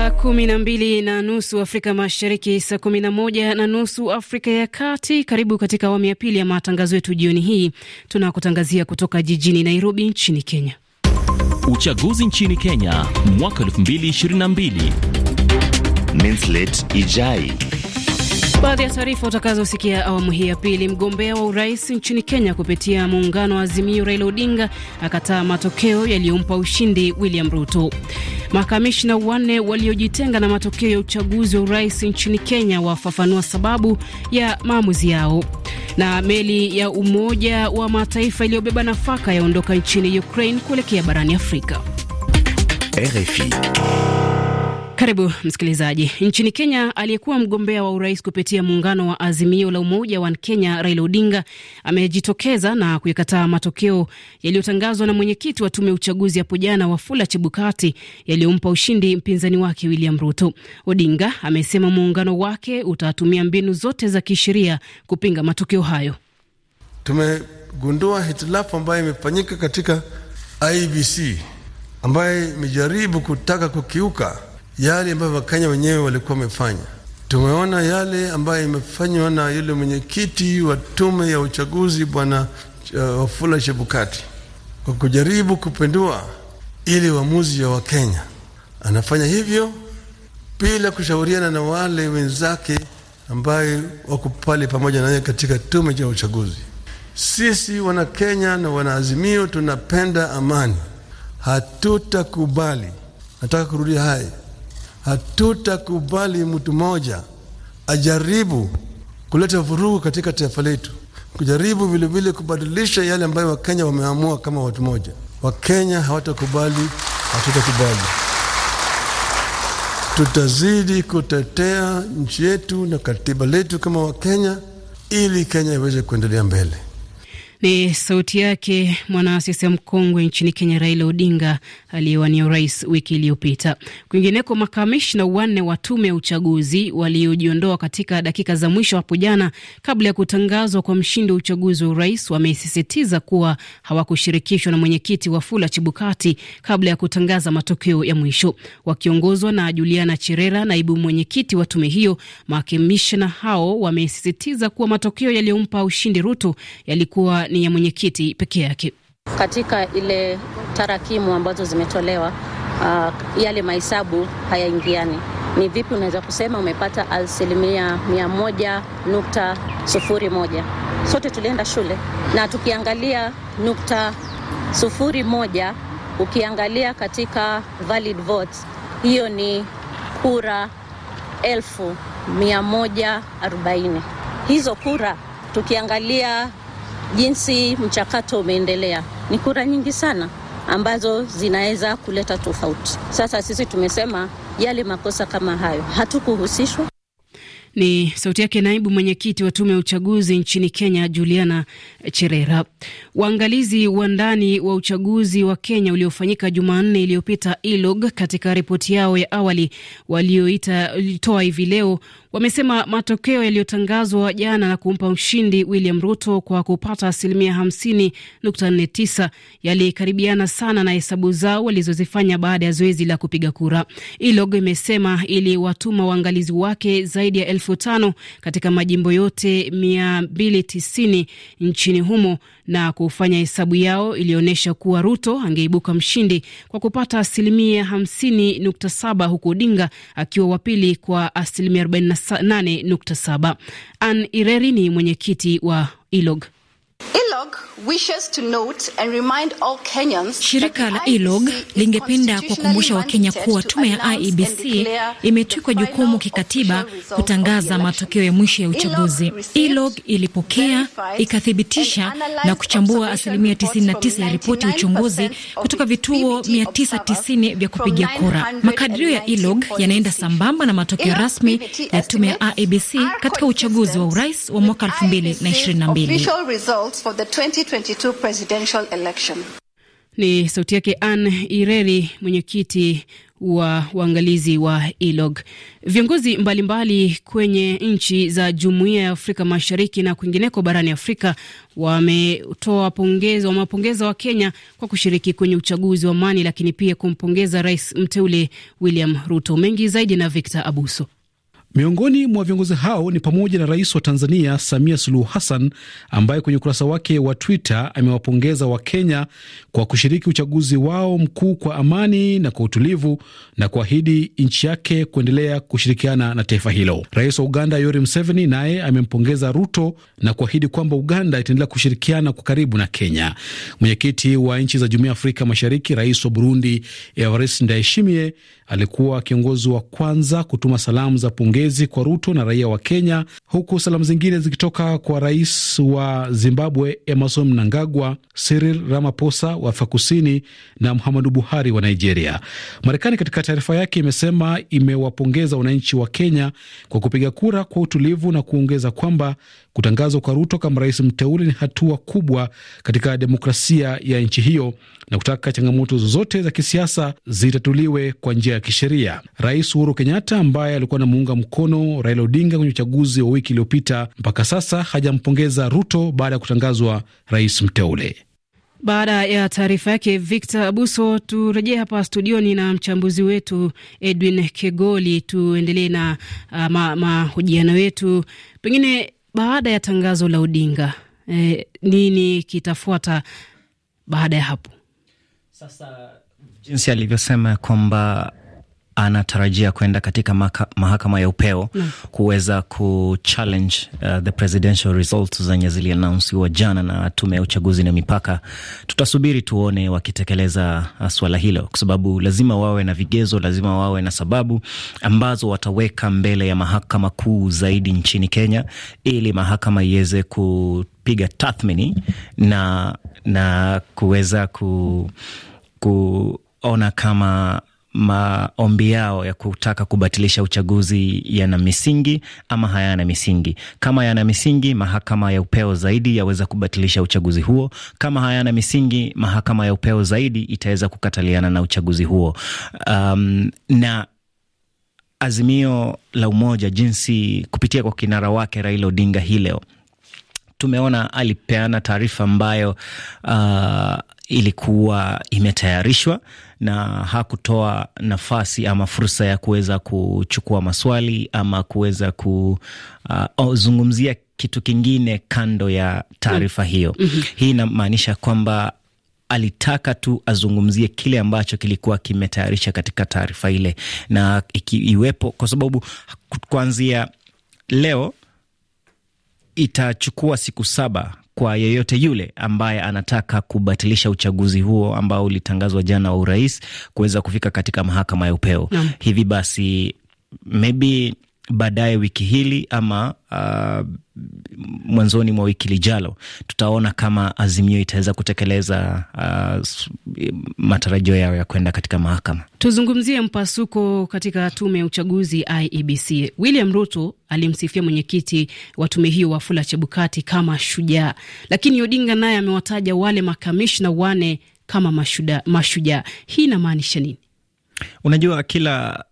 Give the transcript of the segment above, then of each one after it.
Saa kumi na mbili na nusu Afrika Mashariki, saa kumi na moja na nusu Afrika ya Kati. Karibu katika awamu ya pili ya matangazo yetu jioni hii. Tunakutangazia kutoka jijini Nairobi nchini Kenya. Uchaguzi nchini Kenya mwaka 2022 Minslet Ijai Baadhi ya taarifa utakazosikia awamu hii ya pili. Mgombea wa urais nchini Kenya kupitia muungano wa Azimio, Raila Odinga akataa matokeo yaliyompa ushindi William Ruto. Makamishna wanne waliojitenga na matokeo ya uchaguzi wa urais nchini Kenya wafafanua sababu ya maamuzi yao. Na meli ya Umoja wa Mataifa iliyobeba nafaka yaondoka nchini Ukraine kuelekea barani Afrika. RFI. Karibu msikilizaji. Nchini Kenya, aliyekuwa mgombea wa urais kupitia muungano wa Azimio la Umoja wa Kenya Raila Odinga amejitokeza na kuyakataa matokeo yaliyotangazwa na mwenyekiti wa tume ya uchaguzi hapo jana Wafula Chebukati yaliyompa ushindi mpinzani wake William Ruto. Odinga amesema muungano wake utatumia mbinu zote za kisheria kupinga matokeo hayo. Tumegundua hitilafu ambayo imefanyika katika IBC ambayo imejaribu kutaka kukiuka yale ambayo Wakenya wenyewe walikuwa wamefanya. Tumeona yale ambayo imefanywa na yule mwenyekiti wa tume ya uchaguzi Bwana uh, Wafula uh, kwa kujaribu kupindua ili uamuzi wa Wakenya. Anafanya hivyo bila kushauriana na wale wenzake ambaye wako pale pamoja naye katika tume cha uchaguzi. Sisi Wanakenya na Wanaazimio tunapenda amani, hatutakubali. Nataka kurudia haya Hatutakubali mtu mmoja ajaribu kuleta vurugu katika taifa letu, kujaribu vilevile kubadilisha yale ambayo Wakenya wameamua kama watu moja. Wakenya hawatakubali, hatutakubali. Tutazidi kutetea nchi yetu na katiba letu kama Wakenya, ili Kenya iweze kuendelea mbele. Ni sauti yake mwanasiasa mkongwe nchini Kenya, Raila Odinga aliyewania urais wiki iliyopita. Kwingineko, makamishna wanne wa tume ya uchaguzi waliojiondoa katika dakika za mwisho hapo jana kabla ya kutangazwa kwa mshindi wa uchaguzi wa urais wamesisitiza kuwa hawakushirikishwa na mwenyekiti Fula Chibukati kabla ya kutangaza matokeo ya mwisho. Wakiongozwa na Juliana Cherera, naibu mwenyekiti wa tume hiyo, makamishna hao wamesisitiza kuwa matokeo yaliyompa ushindi Ruto yalikuwa ni ya mwenyekiti peke yake. Katika ile tarakimu ambazo zimetolewa, uh, yale mahesabu hayaingiani. Ni vipi unaweza kusema umepata asilimia mia moja nukta sufuri moja? Sote tulienda shule na tukiangalia nukta sufuri moja, ukiangalia katika valid votes, hiyo ni kura elfu mia moja arobaini. Hizo kura tukiangalia jinsi mchakato umeendelea, ni kura nyingi sana ambazo zinaweza kuleta tofauti. Sasa sisi tumesema yale makosa kama hayo hatukuhusishwa, ni sauti yake naibu mwenyekiti wa tume ya uchaguzi nchini Kenya, Juliana Cherera. Waangalizi wa ndani wa uchaguzi wa Kenya uliofanyika Jumanne iliyopita, ILOG, katika ripoti yao ya awali walioitoa hivi leo wamesema matokeo yaliyotangazwa jana na kumpa mshindi William Ruto kwa kupata asilimia 50.49 yalikaribiana sana na hesabu zao walizozifanya baada ya zoezi la kupiga kura. ILOG imesema iliwatuma waangalizi wake zaidi ya elfu tano katika majimbo yote 290 nchini humo na kufanya hesabu yao iliyoonyesha kuwa Ruto angeibuka mshindi kwa kupata asilimia 50.7 huku Odinga akiwa wa pili kwa asilimia 48.7. Ann Ireri ni mwenyekiti wa ILOG. Wishes to note and remind all Kenyans. Shirika la ILOG lingependa kuwakumbusha Wakenya kuwa tume ya IEBC imetwikwa jukumu kikatiba kutangaza matokeo ya mwisho ya uchaguzi. ILOG ilipokea, ikathibitisha na kuchambua asilimia 99 ya ripoti ya uchunguzi kutoka vituo 990 vya kupiga kura. Makadirio ya ILOG yanaenda sambamba na matokeo rasmi ya tume ya IEBC e katika uchaguzi wa urais wa mwaka 2022 results for the 2022 presidential election. Ni sauti yake ann Ireri, mwenyekiti wa uangalizi wa ILOG. Viongozi mbalimbali kwenye nchi za Jumuiya ya Afrika Mashariki na kwingineko barani Afrika wametoa pongezo, wamewapongeza wa Kenya kwa kushiriki kwenye uchaguzi wa amani, lakini pia kumpongeza rais mteule William Ruto. Mengi zaidi na Victor Abuso. Miongoni mwa viongozi hao ni pamoja na rais wa Tanzania Samia Suluhu Hassan ambaye kwenye ukurasa wake wa Twitter amewapongeza Wakenya kwa kushiriki uchaguzi wao mkuu kwa amani na kwa utulivu na kuahidi nchi yake kuendelea kushirikiana na taifa hilo. Rais wa Uganda Yoweri Museveni naye amempongeza Ruto na kuahidi kwamba Uganda itaendelea kushirikiana kwa karibu na Kenya. Mwenyekiti wa nchi za Jumuiya ya Afrika Mashariki, rais wa Burundi Evariste Ndayishimiye alikuwa kiongozi wa kwanza kutuma salamu za pongezi kwa Ruto na raia wa Kenya, huku salamu zingine zikitoka kwa rais wa Zimbabwe Emerson Mnangagwa, Cyril Ramaphosa wa Afrika Kusini na Muhammadu Buhari wa Nigeria. Marekani katika taarifa yake imesema imewapongeza wananchi wa Kenya kwa kupiga kura kwa utulivu na kuongeza kwamba Kutangazwa kwa Ruto kama rais mteule ni hatua kubwa katika demokrasia ya nchi hiyo na kutaka changamoto zozote za kisiasa zitatuliwe kwa njia ya kisheria. Rais Uhuru Kenyatta ambaye alikuwa anamuunga mkono Raila Odinga kwenye uchaguzi wa wiki iliyopita, mpaka sasa hajampongeza Ruto baada ya kutangazwa rais mteule. Baada ya taarifa yake Victor Abuso, turejee hapa studioni na mchambuzi wetu Edwin Kegoli, tuendelee na uh, mahojiano ma yetu. Pengine baada ya tangazo la Odinga eh, nini kitafuata baada ya hapo? Sasa jinsi alivyosema kwamba anatarajia kwenda katika maka, mahakama ya upeo mm. kuweza kuchallenge uh, the presidential results zenye zilianaunsiwa jana na tume ya uchaguzi na mipaka. Tutasubiri tuone wakitekeleza uh, swala hilo, kwa sababu lazima wawe na vigezo, lazima wawe na sababu ambazo wataweka mbele ya mahakama kuu zaidi nchini Kenya ili mahakama iweze kupiga tathmini na, na kuweza ku, kuona kama maombi yao ya kutaka kubatilisha uchaguzi yana misingi ama hayana misingi. Kama yana misingi, mahakama ya upeo zaidi yaweza kubatilisha uchaguzi huo. Kama hayana misingi, mahakama ya upeo zaidi itaweza kukataliana na uchaguzi huo. Um, na Azimio la Umoja jinsi kupitia kwa kinara wake Raila Odinga hii leo tumeona alipeana taarifa ambayo uh, ilikuwa imetayarishwa na hakutoa nafasi ama fursa ya kuweza kuchukua maswali ama kuweza kuzungumzia uh, oh, kitu kingine kando ya taarifa mm. hiyo. mm -hmm. Hii inamaanisha kwamba alitaka tu azungumzie kile ambacho kilikuwa kimetayarisha katika taarifa ile, na ikiwepo, kwa sababu kuanzia leo itachukua siku saba kwa yeyote yule ambaye anataka kubatilisha uchaguzi huo ambao ulitangazwa jana wa urais kuweza kufika katika mahakama ya upeo. Hivi basi maybe baadaye wiki hili ama uh, mwanzoni mwa wiki lijalo tutaona kama Azimio itaweza kutekeleza uh, matarajio yao ya kwenda katika mahakama. Tuzungumzie mpasuko katika tume ya uchaguzi IEBC. William Ruto alimsifia mwenyekiti wa tume hiyo Wafula Chebukati kama shujaa, lakini Odinga naye amewataja wale makamishna wane kama mashujaa mashuja. Hii inamaanisha nini? Unajua, kila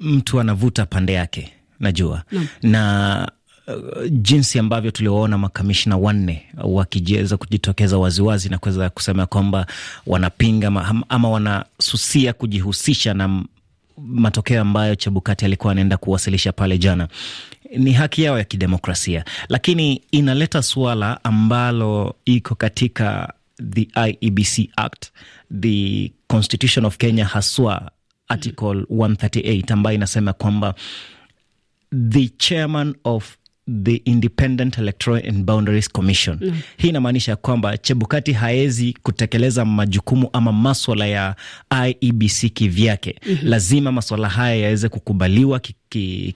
mtu anavuta pande yake najua na Uh, jinsi ambavyo tuliwaona makamishna wanne wakiweza kujitokeza waziwazi na kuweza kusema kwamba wanapinga ama, ama wanasusia kujihusisha na matokeo ambayo Chebukati alikuwa anaenda kuwasilisha pale jana. Ni haki yao ya kidemokrasia, lakini inaleta suala ambalo iko katika the IEBC Act, the Constitution of Kenya, haswa article 138 ambayo inasema kwamba the chairman of the Independent Electoral and Boundaries Commission. Mm. Hii inamaanisha kwamba Chebukati haezi kutekeleza majukumu ama maswala ya IEBC kivyake. Mm -hmm. Lazima maswala haya yaweze kukubaliwa ki, ki,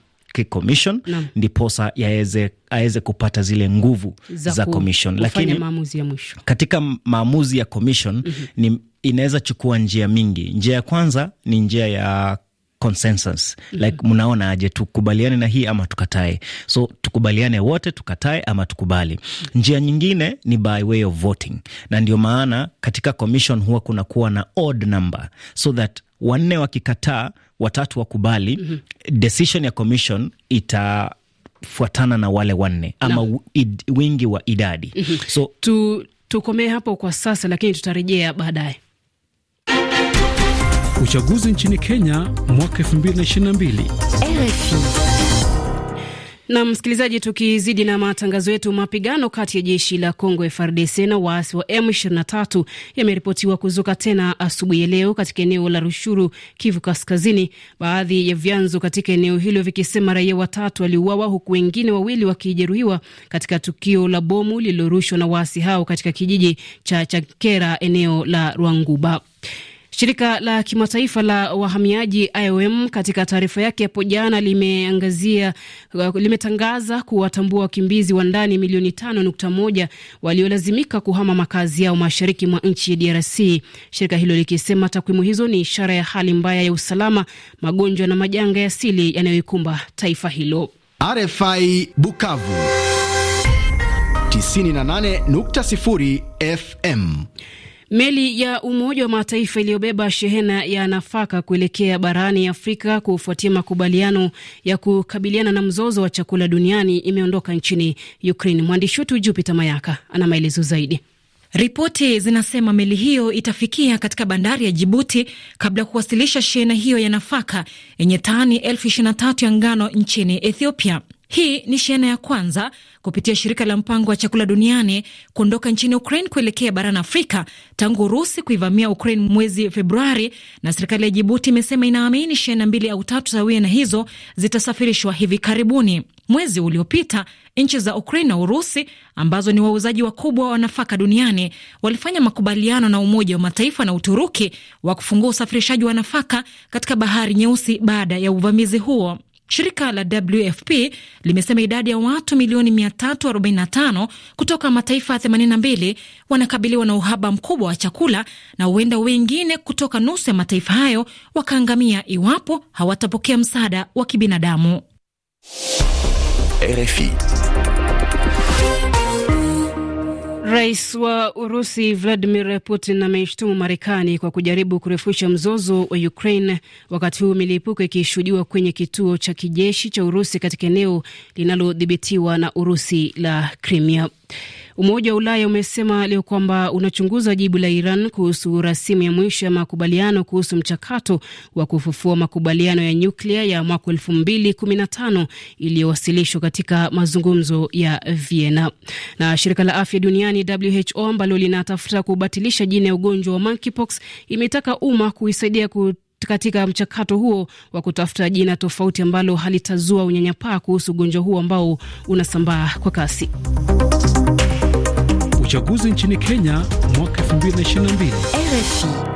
commission Ndiposa yaweze aweze kupata zile nguvu za, za komishon, lakini maamuzi ya mwisho katika maamuzi ya komishon mm -hmm. ni inaweza chukua njia mingi. Njia ya kwanza ni njia ya consensus mm -hmm. Like mnaona aje, tukubaliane na hii ama tukatae? So tukubaliane wote, tukatae ama tukubali. Njia nyingine ni by way of voting, na ndio maana katika commission huwa kuna kuwa na odd number so that wanne wakikataa, watatu wakubali, mm -hmm. decision ya commission ita fuatana na wale wanne ama id, wingi wa idadi mm -hmm. so tukomee hapo kwa sasa, lakini tutarejea baadaye uchaguzi nchini Kenya mwaka 2022. na msikilizaji, tukizidi na matangazo yetu, mapigano kati ya jeshi la Congo frdc na waasi wa M23 yameripotiwa kuzuka tena asubuhi ya leo katika eneo la Rushuru, Kivu Kaskazini, baadhi ya vyanzo katika eneo hilo vikisema raia watatu waliuawa huku wengine wawili wakijeruhiwa katika tukio la bomu lililorushwa na waasi hao katika kijiji cha Chakera, eneo la Rwanguba. Shirika la kimataifa la wahamiaji IOM katika taarifa yake hapo jana limeangazia uh, limetangaza kuwatambua wakimbizi wa ndani milioni tano nukta moja waliolazimika kuhama makazi yao mashariki mwa nchi ya DRC, shirika hilo likisema takwimu hizo ni ishara ya hali mbaya ya usalama, magonjwa na majanga ya asili yanayoikumba taifa hilo. RFI Bukavu 98.0 FM Meli ya Umoja wa Mataifa iliyobeba shehena ya nafaka kuelekea barani Afrika kufuatia makubaliano ya kukabiliana na mzozo wa chakula duniani imeondoka nchini Ukraine. Mwandishi wetu jupite Mayaka ana maelezo zaidi. Ripoti zinasema meli hiyo itafikia katika bandari ya Jibuti kabla ya kuwasilisha shehena hiyo ya nafaka yenye tani elfu ishirini na tatu ya ngano nchini Ethiopia. Hii ni shehena ya kwanza kupitia shirika la mpango wa chakula duniani kuondoka nchini Ukraine kuelekea barani Afrika tangu Urusi kuivamia Ukraine mwezi Februari, na serikali ya Jibuti imesema inaamini shehena mbili au tatu za wiana hizo zitasafirishwa hivi karibuni. Mwezi uliopita nchi za Ukraine na Urusi ambazo ni wauzaji wakubwa wa nafaka duniani walifanya makubaliano na Umoja wa Mataifa na Uturuki wa kufungua usafirishaji wa nafaka katika Bahari Nyeusi baada ya uvamizi huo. Shirika la WFP limesema idadi ya watu milioni 345 kutoka mataifa 82 wanakabiliwa na uhaba mkubwa wa chakula na huenda wengine kutoka nusu ya mataifa hayo wakaangamia iwapo hawatapokea msaada wa kibinadamu. RFI. Rais wa Urusi Vladimir Putin ameishtumu Marekani kwa kujaribu kurefusha mzozo wa Ukraine, wakati huu milipuko ikishuhudiwa kwenye kituo cha kijeshi cha Urusi katika eneo linalodhibitiwa na Urusi la Crimea. Umoja wa Ulaya umesema leo kwamba unachunguza jibu la Iran kuhusu rasimu ya mwisho ya makubaliano kuhusu mchakato wa kufufua makubaliano ya nyuklia ya mwaka tano iliyowasilishwa katika mazungumzo ya Vienna. Na shirika la afya duniani WHO ambalo linatafuta kubatilisha jina ya ugonjwa wa monkeypox imetaka umma kuisaidia ku katika mchakato huo wa kutafuta jina tofauti ambalo halitazua unyanyapaa kuhusu ugonjwa huo ambao unasambaa kwa kasi uchaguzi nchini Kenya mwaka 2022. RFI